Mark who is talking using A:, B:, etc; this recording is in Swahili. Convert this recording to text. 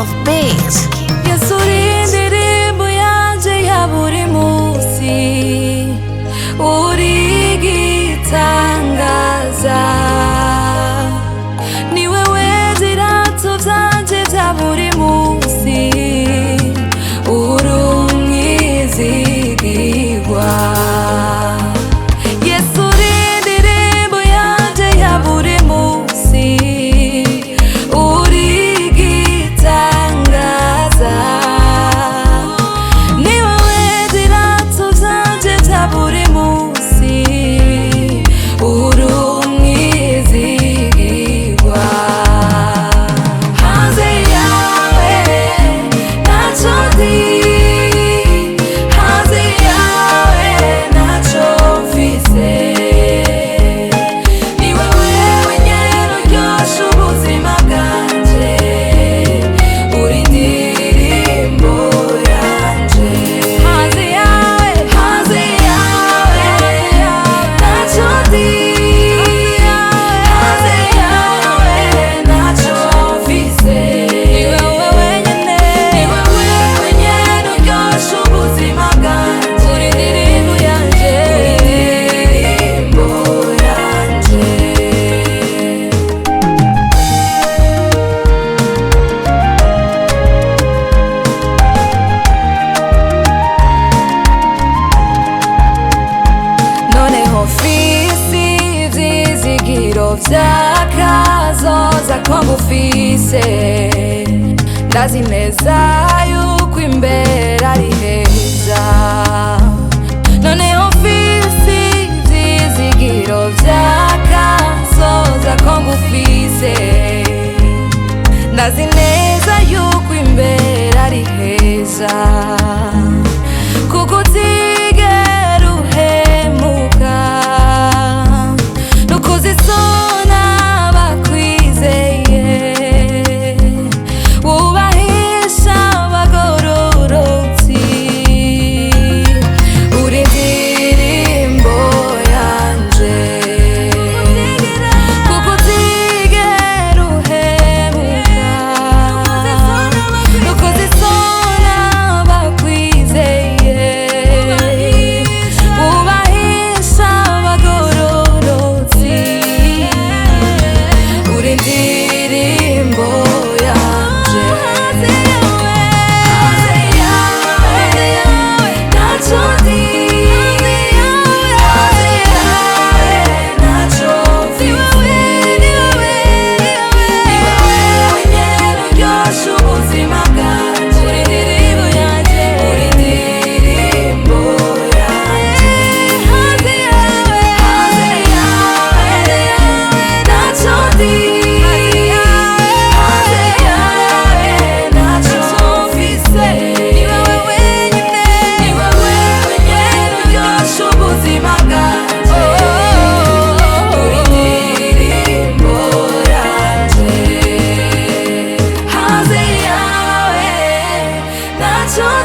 A: of bass.
B: vyakazo zako ngufise ndazineza yuko imbere ari heza noneho mfise ivyizigiro vyakazo zako ngufise ndazineza yuko imbere ari heza